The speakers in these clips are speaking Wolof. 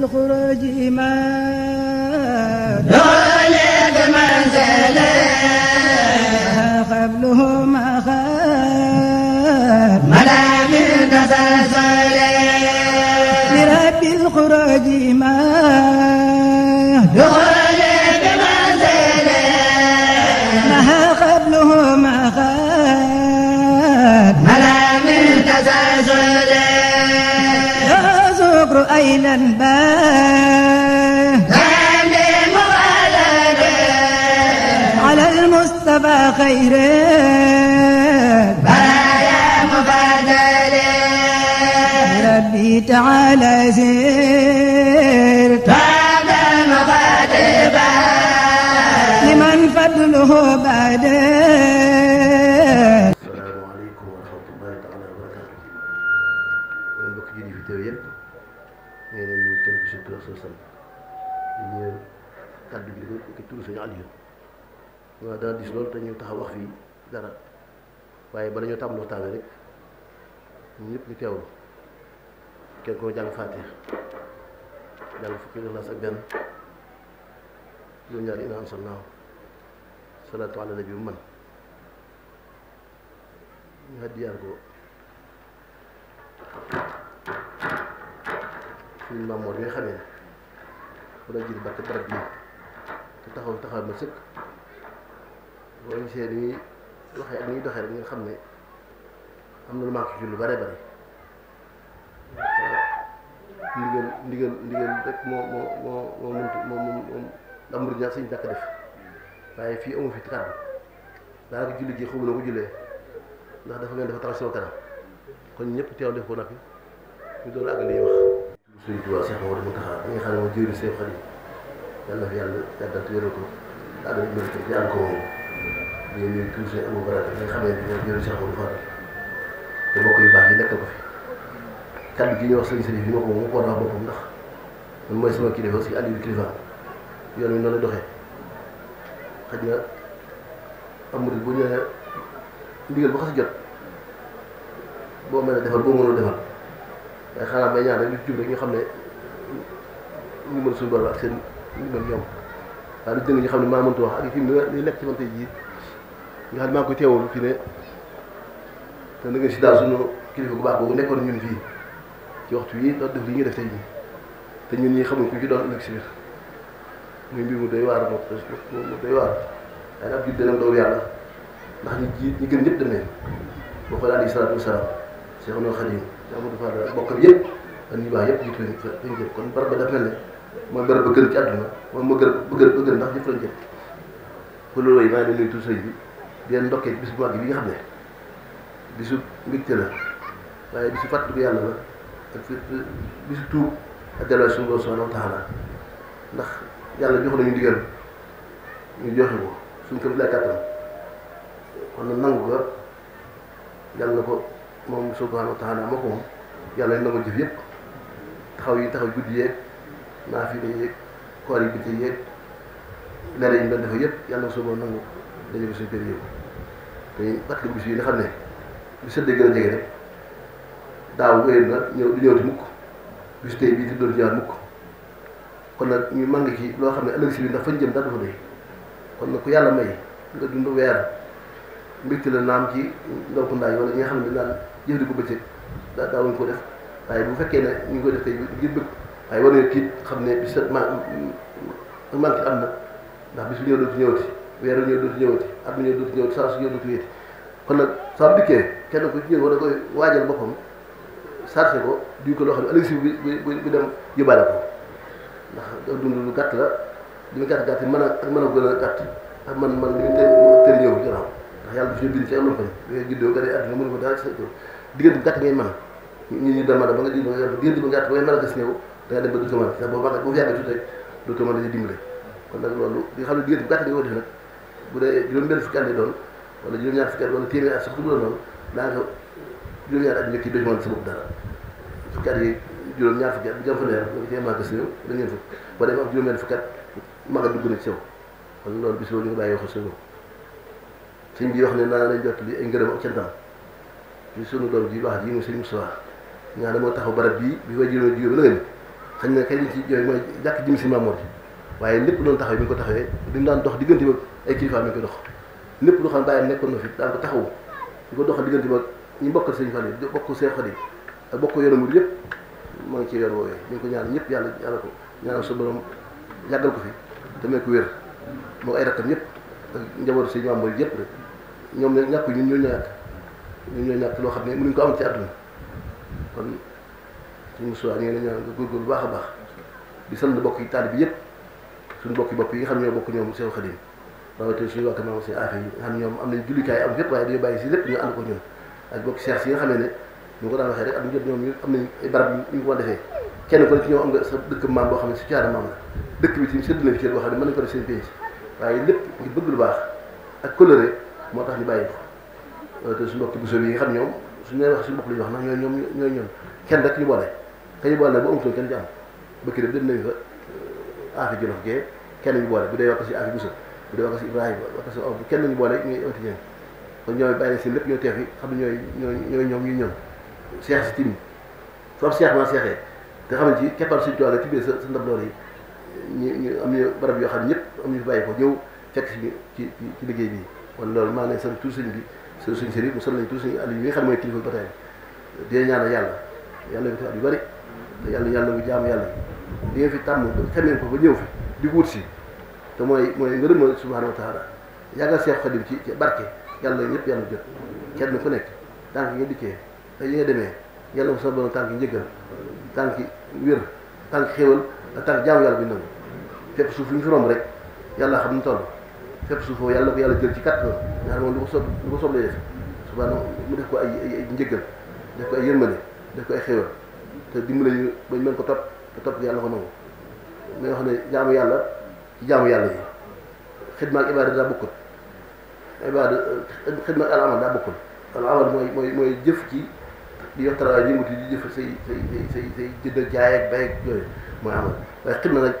بالخروج ما إلى الباب هانم وألنا على المصطفى خير بايا مبادل ربي تعالى زرت هذا مغادبا لمن فضله بعده mbokk julli fi teew yëpp nee na ñu kenn ku si turam suñu sant ñu kaddu gi di ko ki turu suñu Aliou waaw dana dis loolu te ñu taxaw wax fii dara waaye bala ñoo tàmbali waxtaan rek ñun ñëpp ñu teewlu kenn koo jàng Faatiha jàng fukki Ixlaas ak benn juróom-ñaari innaa anzalnaahu salaatu ala nabi bu man ñu haddiyaar ko suñu maam moo dee xamee bu la jël barke barab bii te taxaw taxaw ma sëkk boo nga xam ne am na lu lu bare bare ndigal ndigal ndigal rek moo moo moo moo mënti fii amu fi kàddu daanaka julli ji xamu na ko jullee ndax dafa ngeen dafa transition kanam kon ñëpp teew def ko noppi ñu doon àgg li wax suñu tubaab Cheikh Mamadou Mountakha mi nga xam ne moom jiwri seen xarit yàlla fi yàlla yàggal te wéral ko daa doon mérité di am ko moom ñu ñuy nga xam ne moom jiwri Cheikh Mamadou Fadal te mbokk yu baax yi nekkal ko fi kàddu gi ñuy wax sëñ Sëriñ ma ko moom ko war a wax boppam ndax man mooy sama kilifa si àll bi kilifa yoon wi noonu doxee xaj na amul bu ñu nee ndigal bu xas jot boo mën defal boo mënul defal waaye xanaa may ñaan rek ñu jub rek ñu xam ne ñu mën suñu borom ak seen ñu mën ñoom waaye lu jëng ñu xam ne maa mëntu wax ak fi mu li nekk ci man tey jii nga xam ne maa ko teewul fi ne te na ngeen si daal suñu kilifa bu baax boobu nekkoon ñun fii ci waxtu yi doon def li ñu def tey jii te ñun ñi xamuñ ku ci doon ëllëg si biir muy mbir mu doy waar moom mu doy waar waaye ab jub danañ loolu yàlla ndax ñu ji ñu gën ñëpp dem nañ boo xoolee alayhi salaatu wasalaam Seexuna Xaadim te Amadou Fall bokkam yëpp ak ñi baax yëpp jiitu nañ kon barab ba def na mooy barab ba gën ci àdduna moom ma gën ba gën ba gën ndax jëf lañ jëf pour bi di leen ndokkee bis bu bi nga xam ne bisu mbégte la waaye bisu fàttaliku yàlla la ak bisu tuub ak delloo suñu borom subhanahu wa taala ndax yàlla jox nañu ndigal ñu joxe ko suñ kër bi lay kàttan kon nag nangu ko yàlla ko moom subhaanahu wa taala moo ko moom yàlla na ma jëf yëpp taxaw yi taxaw guddi yeeg naa fi ne yeeg koor yi biti yeeg lere yi yëpp yàlla na suba ko suñu kër yëpp te fàttali bis yi nga xam ne bu de gën a jege rek daaw wéyal na ñëw du ñëwati mukk bis tey bii di doon ñëwaat mukk kon nag ñu màng ki loo xam ne ëllëg si bi ndax fa jëm daal dafa doy kon nag ku yàlla may nga dund weer mbégte la naam ci ndonk ndaay wala ñi nga xam ne daal. jëf di ko bëccëg daa daawuñ ko def waaye bu fekkee ne ñu ngi koy def tey ngir bëgg waaye war nañu tiit xam ne bis man manque am ndax bis bu ñëw dootu ñëwati weer bu ñëw dootu at bu ñëw dootu ñëwati saa su ñëw dootu wéeti kon kenn ku ci a koy boppam sarse ko duñ ko loo xam ne dem yóbbaale ko ndax dund lu gàtt la li mu gàtt gàtt ak mën a gën a gàtt ak man man li mu teel teel ñëw jëlaat ndax yàlla dafay bind ci amul fay dangay juddoo gën a àdduna mënu ko dara ci sa tur diggante bu gàtt ngay mën ñu ñu demada ba nga di diggante bu gàtt ngay mën a gis néew da nga dem ba du ko mën sax boo bu yàggee tuuti rek du ko mën dañuy dimbale kon nag loolu di xam ne diggante bu gàtt nga ko def nag bu dee juróom benn fukki at lay doon wala juróom-ñaar fukki at wala téeméer at sax du doon loolu daanaka juróom-ñaar at njëkk yi doo mën sa bopp dara fukki at yi juróom-ñaar fukki at bu jëm fa leer nga cee mën a gis néew da ngeen fukk boo dem ak juróom benn fukki at mag a dugg na ci yow kon loolu bis boobu ñu ko bàyyi xos sëñ bi wax ne naa lay jot li ay ngërëm ak cantam ci sunu doom ji baax ji mu sëñ Moussa ñaa moo taxaw barab bii bi ma jëloon jiw ba nga na kay li ci jooy mooy jàkk jëm si Mamour lépp doon taxaw mi ko taxawee duñu daan dox diggante ba ay kilifa mi ngi lépp lu xam bàyyi nekkoon na fi daan taxaw di ko doxal diggante ba ñu bokkal sëñ Fall yi bokk seen xol yi ak bokk yoonu yëpp moo ngi ci yoon woowee ñu ko ñaan ñëpp yàlla yàlla ko ñaanal sa borom yàggal ko fi te mee ko wér moo ay rakkam ñëpp ak si sëñ Mamour yëpp ñoom la ñàkk ñun ñoo ñàkk ñun ñoo ñàkk loo xam ne mënuñ ko am ci àdduna kon suñu musuwaa ñu ngi la ñaan nga góorgóor bu baax a baax di sant bokk yi taali bi yëpp suñu bokki bopp yi xam ñoo bokk ñoom Seex Xadim rawatina suñu wàkk maam si affaire yi nga xam ñoom am nañ jullikaay am fépp waaye si lépp ñu si nga ne ñu ko daan waxee rek am ñu jot ñoom ñu am nañ kenn ko ne ci ñoom am nga sa dëkk boo xam ne si caada maam la dëkk bi tim sedd na fi seen boo xam ne mën nañ ko def seen pénc waaye lépp ngir bëgg lu baax ak coloré moo tax ñu bàyyi ko euh, te suñu mbokk biso yi nga xam ñoom suñu leen wax suñu bopp la ñu wax ndax ñooy ñoom ñooy ñoom kenn rek ñu boole te ñu boole ba amatul kenn ci am bëkki dem dem nañu euh, kenn ñu boole bu dee wax si affaire biso bu dee wax si Ibrahima wax si om kenn ñu boole ñooy amati ñeen kon ñooy bàyyi seen lépp ñoo teef yi xam ne ñooy ñooy ñooy ñoom ñu ñoom seex si tim foofu seex maa seexee te xam ne ci keppar suñu toile ci biir sa sa ndab loolu yi ñu ñu am ñu barab yoo xam ne ñëpp am ñu fi bàyyi ko ñëw fekk ci ci ci liggéey bii kon loolu maa ngi lay sant bi suñ suñ sëriñ mu sant lañ tout bi nga xam ne mooy kilifa ba tey di ñaanal yàlla yàlla bi yàlla yàlla bu jaamu yàlla li nga fi tàmm xamee ko ba ñëw di ko si te mooy mooy ngërëmal subhanahu wa taala yàggal Seex ci ci barke yàlla ñëpp yàlla jot kenn ku nekk tànk nga dikkee te yi nga demee yàlla sa borom tànk njëggal tànk wér tànk xéwal ak tànk jaamu yàlla bi nangu fépp suuf lu ñu fi rek yàlla xam ni toll fépp suuf foofu yàlla na ko yàlla jël ci kat noonu nga xam ne lu ko soob lu ko soob lay def subhaana mu def ko ay ay njëggal def ko ay yërmande def ko ay xéewal te dimbali ñu bañ mën ko topp te topp ko ne jaamu yàlla ci jaamu yàlla yi xidma ak ibaada daa bokkul ibaada xidma ak mooy mooy jëf ci di yox tarawaay yënguti di jëf say say say say say jënd jaay ak bay ak yooyu mooy amal waaye xidma nag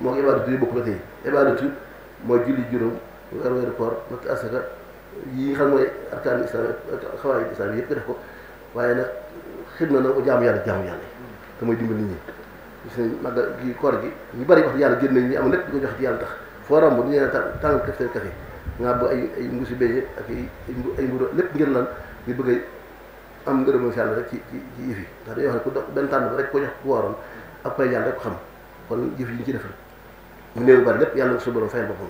moo ko ibaadatu yi bokk ba tey mooy julli juróom weer weeru koor nag asaka yi nga xam mooy arkaanu islam ak xawaay islam yëpp nga def ko waaye nag xib na na ko jaamu yàlla jaamu yàlla te mooy dimbali nit ñi gis nañ màggal gi koor ñu bari wax yàlla nañ ñu am lépp ko jox ci yàlla tax foo ramb ñu nee tàngal café café nga bu ay ay mbuusi béyee ak ay mburu lépp ngir lan ñu bëgg am ngërëmal yàlla rek ci ci ci yëf yi ndax dañoo wax ne ku dox benn tànn ba rek ko jox ku waroon ak pay yàlla rek ko xam kon yëf yi ñu ci defal mu néew bari lépp yàlla na ko suñu borom fayal boppam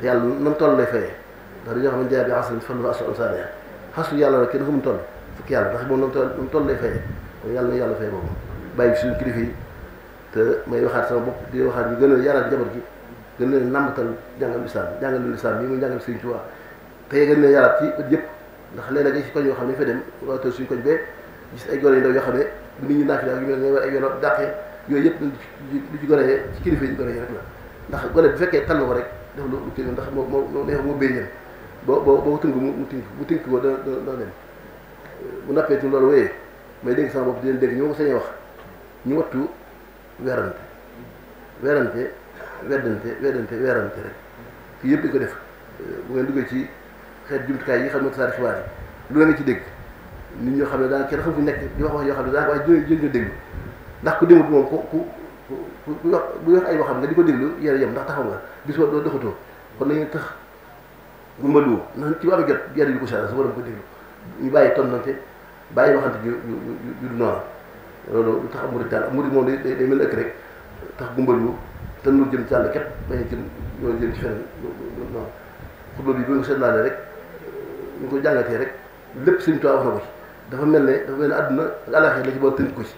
te yàlla na mu toll lay fayee ndax la asul amsaane xasu yàlla rek kenn ku mu fay boppam bàyyi suñu kilifa yi te may waxaat sama bopp di waxaat a yaraat jabar gi gën leen nàmbatal jàngal lislaam jàngal leen lislaam bi muy yëpp ndax léeg yoo xam ne fa dem wato koñ bee gis ay gone yu ndaw yoo xam ne nit ñi naafila ak yu mel ne ay yoon dàqee yooyu yëpp lu ci gone ci kilifa yi gone yi rek la ndax gone bu fekkee tànn ko rek def lu lu kii ndax moo moo neex moo béy ñëw boo boo boo tënk mu mu tënk mu tënk ko da dem bu nappee ci loolu wéyee may dégg sama bopp di leen dégg ñu wax ñu wattu weerante weerante weddante weddante weerante rek fii yëpp ko def bu ci xeet jumtukaay yi xam ne tasaare xibaar yi lu la nga ci dégg nit ñoo xam ne daan kenn xam fu nekk di wax wax yoo xam ne daan ko wax jë jën dégg ndax ku demut moom ku ku ku ku wax bu wax ay waxam nga di ko déglu yéen yem ndax taxaw nga gisoo doo doxatoo kon nañu tax gumbaluwoo ndax ci wàllu jot yàlla yu ko saa su ma ko ñu bàyyi tonnante bàyyi waxante ju ju ju du noor loolu lu tax am murid daal am murid moom day day mel ëkk rek tax gumbaluwoo te nu jëm ci yàlla képp bañ a jëm yow jëm ci fenn noonu xutba bi bu ñu ko seetlaale rek ñu ko jàngatee rek lépp suñu toit wax na ko ci dafa mel ne dafa mel ne àdduna ak àllaaxira la ci boole tënk ko ci.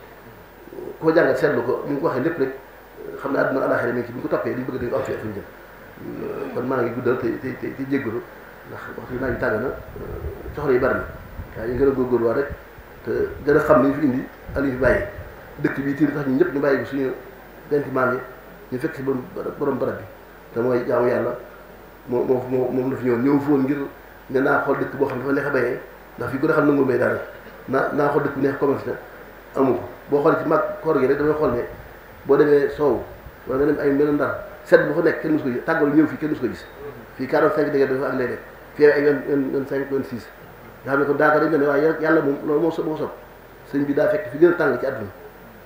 koo jàngat seetlu ko ni nga ko waxee lépp rek xam ne àdduna alaxira mi ngi ci bu ñu ko toppee liñ bëgg dañ ko am fi ak fi ñu jëm euh, kon maa ngi guddal te te te jéggalu ndax waxtu bi naaj bi tàng na euh, soxla yi bari na waaye ñu gën a góorgóorluwaat rek te gën a xam li ñu fi indi ak li ñu fi bàyyi dëkk bi tiir tax ñu ñëpp ñu bàyyi ko suñu denc a yi ñu fekk si borom barab bi te mooy jaamu yàlla moo moo moom la fi ñëw ñëw foon ngir ne naa xool dëkk boo xam ne dafa neex a béyee ndax fi gën a xam nangul may daal naa naa xool dëkk bu neex commerce na amu ko boo xoolee ci mag koor gi rek damay xool ne boo demee soow wala nga dem ay mel ndar sedd bu fa nekk kenn su ko gis tàggoor ñëw fii kenn musu ko gis fii fii ay 25 26 nga xam ne ne waaye yàlla moom loolu moo sob moo sob bi daa fekk fi gën tàng ci àdduna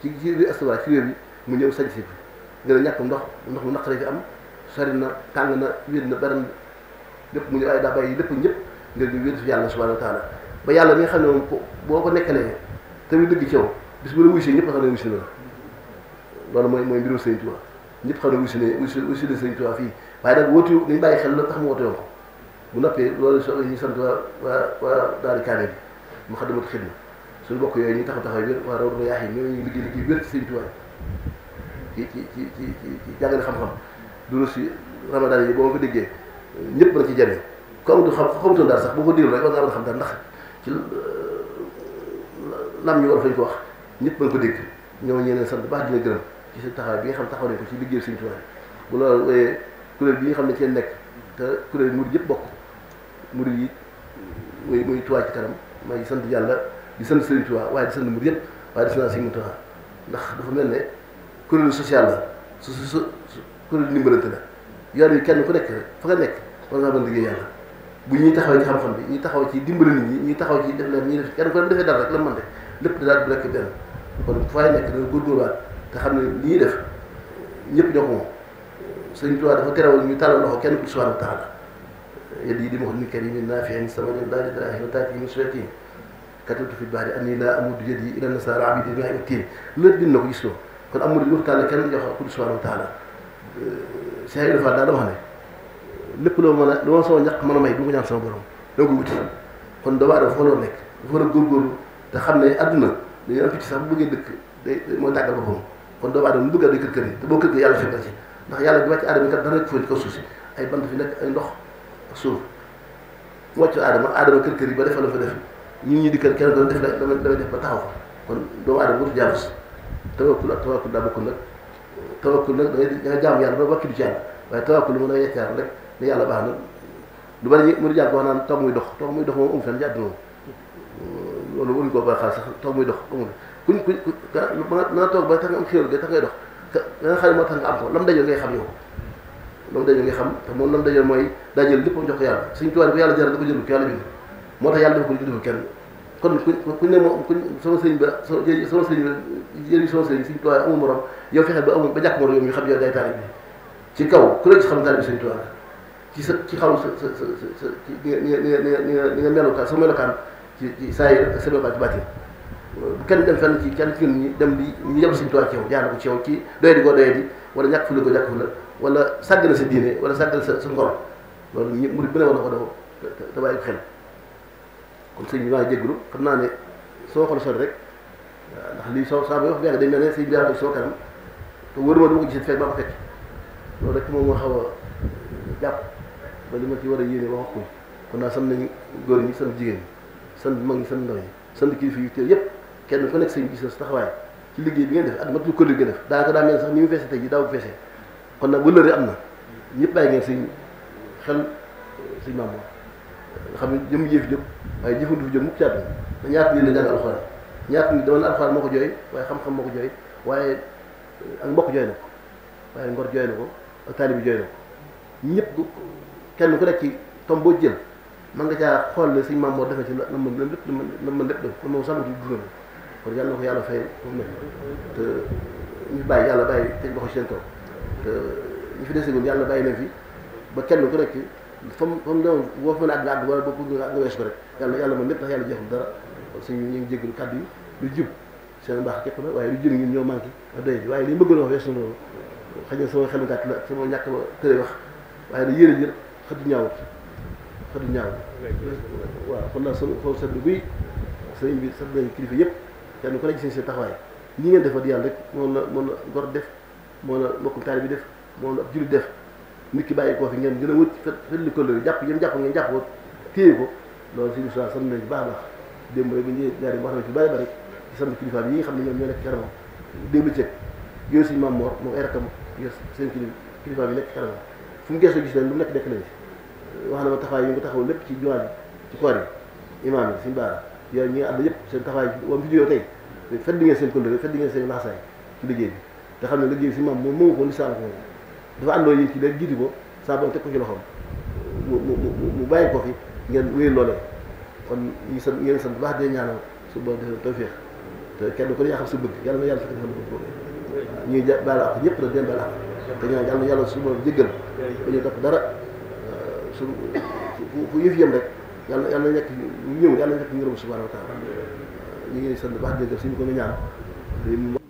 ci ci astuwaay réew bi mu ñëw sañ si fi gën ñàkk ndox ndox mu naqaree fi am sori na tàng na wen na beran lépp mu ñëw waaye daa bàyyi lépp ñëpp ngir ñu wér fi yàlla subhanahu wa taala ba yàlla mi nga xam ne moom boo ko nekkalee tamit dëgg ci yow bis bu la wuysee ñëpp xam ne wuysi na loolu mooy mooy mbirum sëñ Tuubaa ñëpp xam ne wuysi na wuysi wuysi na sëñ Tuubaa fii waaye nag wóotu nañ bàyyi xel la tax mu wootee ko bu noppee loolu so ñu sant waa waa waa daari kaane bi mu yooyu ñu taxaw taxaw wér waa raw duna yaax ñu liggéey liggéey wér ci sëñ ci ci ci ci ci xam-xam duru si ramadan yi boo ma ko déggee ñëpp na ci jëriñ ku amatu xam xamutoon daal sax boo ko déglu rek war nga mën a xam daal ndax ci euh, lam ñu war fañ ko wax ñëpp mën ko dégg ñoo ñeneen sant baax dina gërëm ci seen taxaw bi nga xam taxaw nañ ko ci liggéey Sëriñ Tuubaa bu loolu wooyee kuréel bi nga xam ne ceen nekk te kuréel murid yëpp bokk murid yi muy muy Tuubaa ci ngi sant yàlla di sant Sëriñ Tuubaa waaye di sant murid yëpp waaye di sant Sëriñ Tuubaa ndax dafa mel ne kuréelu social la su su su kuréelu dimbalante la yoon yi kenn ku nekk fa nga nekk war ngaa mën liggéey yàlla bu ñuy taxaw ci xam-xam bi ñu taxaw ci dimbali nit ñi ñuy taxaw ci def leen ñuy def kenn ku ne defee dara rek la mën de lépp daal bu nekk benn kon fu waay nekk da nga góorgóorluwaat te xam ne li def ñëpp ñoo ko moom Sëriñ Tuubaa dafa terewal ñu tàllal loxo kenn ku subhaanahu wa taala yi di ma wax ni kër yi ñu naan sama ñoom daal di daal di yi ñu suwet yi katatu fi baari yi ila nasaara abid yi ak tiin lépp bind na ko gis loo kon amul lu tànn kenn jox ko wa taala ne lépp loo mën a lu ma ñaq mën a may du ko ñaan sama borom doo ko wuti kon damaa def fa loolu nekk dafa war a góorgóorlu te xam ne àdduna da yonent bi sax bu bëggee dëkk day mooy dàggal boppam kon a day kër kër yi te boo kër ndax yàlla bi wàcc aadama yi kat dara rek fóon ay bant fi nekk ay ndox ak suuf mu wàcc aadama aadama kër yi ba defal la fa def ñi di kër kenn doon def la dama dama def ba taxaw fa kon doomu aadama boobu jaamu si tawakkul ak tawakkul daa bokkul nag tawakkul nag da ngay ba wàkkilu ci yàlla waaye tawakkul a yekkaar rek ne yàlla baax na lu bari mu di jàng wax naan toog muy dox toog muy dox moom amu fenn ci àdduna wala waruñu koo bàyyi xaalis sax tax muy dox amul kuñ kuñ ba nga toog ba tax nga am xéewal ga tax ngay dox ka nga xam ne moo tax nga am ko lam dajal ngay xam yow lam dajal ngay xam te moom lam dajal mooy dajal lépp jox ko yàlla suñ tuwaan ko yàlla jaral da ko jënd ko yàlla bind moo tax yàlla def ko jënd kenn kon kuñ ne moom kuñ sama sëñ ba sama sëñ ba jëriñ sama sëñ suñ tuwaan amul morom yow fexe ba amul ba jàkk morom yow ñu xam yow day taari bi ci kaw ku la ci xam taari bi suñ tuwaan ci sa ci xam sa sa sa sa ni nga melokaan sa melokaan ci ci saa yi sëñ Ba ci bàtti kenn dem fenn ci kenn dem di ñu yem suñu toit ci yow jaana ko ci yow ci doyadi koo doyadi wala ñàkk fu la ko ñàkk fu la wala sàgg na sa diine wala sàgg na sa sa loolu ñu murid bu ne war na ko daw te bàyyi xel kon naa ne soo xool sori rek ndax lii soo saa may wax bi yàgg day mel ne sëñ bi daal soo kanam te wóor ma du ko fekk loolu rek moom moo xaw a jàpp ba li ma ci war a yéene wax ko kon naa sam nañ góor ñi sam jigéen ñi sant mag ñi sant ndaw ñi sant kilifa yi teew yépp kenn ku nekk seen gis sa taxawaay ci liggéey bi ngeen def ak mat lu ko liggéey def daanaka daa mel sax ni mu feese tey ji daaw feese kon nag wëllëre am na ñëpp bàyyi ngeen si xel seen maam nga xam ne jëm jëf jëm waaye jëfandu fi jëm mukk ci àdduna te ñaata nit la jàng alxuraan ñaata nit ko jooy waaye xam-xam moo ko jooy waaye eh, ak mbokk jooy na ko waaye ngor jooy na ko ak taalibi jooy na ko nekk ci tom boo jël man nga caa xool ne suñu maam moo defee ci la mën lépp la mën lépp def la moom sàmm ci dundam kon yàlla na ko yàlla fay foofu nekk te ñu bàyyi yàlla bàyyi teg loxo ci seen kaw te ñu fi dese ñun yàlla bàyyi leen fi ba kenn ku nekk fa mu fa mu newoon boo fa mën a àgg àgg wala boo bëgg nga wees ko rek yàlla yàlla mën lépp ndax yàlla jeexul dara suñu ñu ngi jégalu kàddu yi lu jub seen mbaax képp la waaye lu jëm ñun ñoo manqué a doy bi waaye li bëgg na wax wees na loolu xëy na sama xel gàtt la sama ñàkk ma tëre wax waaye da yére jër xëtu ñaawut xatu ñaaw waaw kon nag so xol sedd guy sëriñ bi sedd nañu kilifa yëpp kenn ku nekk seen seen taxawaay ñi ngeen defal yàlla rek moom la moom la gor la mbokkum taali bi def moom la ab def nit ki bàyyi koo fi ngeen gën a wut fetli kolori jàpp ngeen jàpp ngeen jàpp ko téye ko loolu si bisla sant nañ bu a baax démb rek bu ñu jaari wax na ci bari yi nga xam ne ñoom ñoo nekk xaramam démb ceeb yooyu suñu maam moor moom ay rakkam seen kilifa bi nekk xaramam fu mu geesoo gis nekk nekk nañ wax na ma taxawaay yi nga taxaw lépp ci jumaa ci koor yi imaam yi suñu baara yow ñi nga ànd yëpp seen taxawaay wam fi nga tey fedd ngeen seen kóllëre fedd ngeen seen laxasaay ci liggéey bi te xam ne liggéey bi si maam moom ko lislaam ko dafa àndoo yéen ci da jiiti ko saa ko ci loxoom mu mu bàyyi ko fi ngeen wéyal loolee kon ñu sant ngeen sant baax dee su boo defee kenn ku ne yaa xam sa bëgg yàlla na yàlla ko bëgg ñuy baal ak ñëpp la dem baal ak te ñaan yàlla na yàlla su borom jéggal ba ñu topp dara su fu yëf yem rek yàlla yàlla nekk ñëw yàlla nekk ngërëm subhanahu wa taala ñu ngi sant baax dégg suñu ko nga ñaan